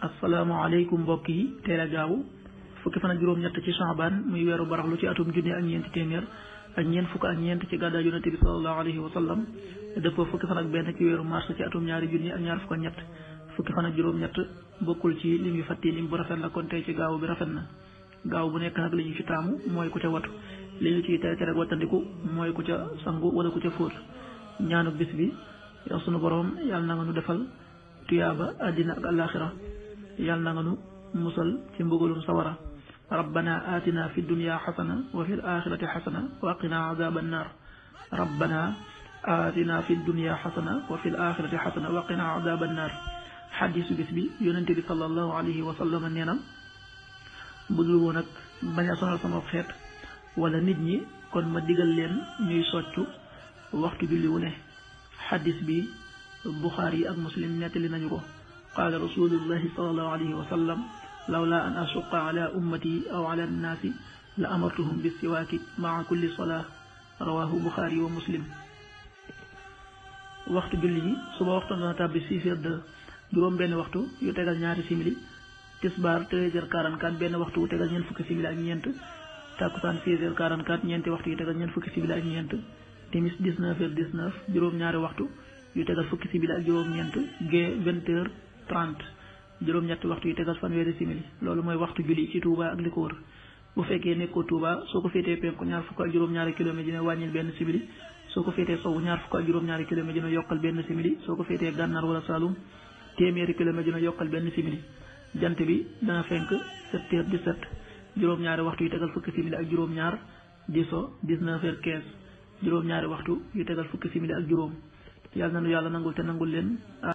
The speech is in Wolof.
asalaamaaleykum mbokk yi teel a gaaw fukki fan ak juróom-ñett ci Shaaban muy weeru baraxlu ci atum junne ak ñeenti téeméer ak ñeent fukk ak ñeent ci gàddaay yonent bi sallallahu alayhi wa sallam dëppoo fukki fan ak benn ci weeru mars ci atum ñaari junne ak ñaar fukk ak ñett fukki fan ak juróom-ñett bokkul ci lim bu rafet na kon tey ci gaaw bi rafet na gaaw bu nekk nag li ñu ci taamu mooy ku ca watu li ñu ciy tere tere wattandiku mooy ku ca sangu wala ku ca fóot ñaanu bis bi yow sunu boroom yal na nga nu defal tuyaaba àddina ak àllaaxira yàlla na nga nu musal ci mbugalum sawara rabbana atina fi dunya xasana wa fi alaxirati xasana wa qina azaba annar rabbana atina fi dunya xasana wa fi alaxirati xasana wa qina azaba annar xadisu bi yonente bi sallallahu alayhi wa sallam sama xeet wala nit ñi kon ma digal leen ñuy soccu waxtu julli wu ne xadis bi buxaar yi ak muslim nettali nañu ko قال رسول الله صلى الله عليه وسلم لولا أن أشق على أمتي أو على الناس لأمرتهم بالسواك مع كل صلاة رواه بخاري ومسلم waxtu julli yi suba waxtu dana tàbbi six heures de juróom benn waxtu yu tegal ñaari simili tisbaar treize heures quarante benn waxtu wu tegal ñeent fukki simili ak ñeent takkusaan seize heures quarante ñeenti waxtu yu tegal ñeent fukki simili ak ñeent timis dix neuf heures dix neuf juróom ñaari waxtu yu tegal fukki simili ak juróom ñeent gee vingt 30 juróom-ñetti waxtu yi tegal fanweeri simili loolu mooy waxtu julli ci Touba ak li ko wër bu fekkee nekkoo Touba soo ko féetee penku ñaar fukk ak juróom-ñaari kilomètre dina wàññil benn simili soo ko féetee sowu ñaar fukk ak juróom-ñaari kilomètre dina yokkal benn simili soo ko féetee gànnaar wala Saloum téeméeri kilomètre dina yokkal benn simili jant bi dana fenk 7 heures 17 juróom-ñaari waxtu yi tegal fukki simili ak juróom-ñaar di so 19 heures 15 ñaari waxtu yu tegal fukki simili ak juróom yàlla na nu yàlla nangul te nangul leen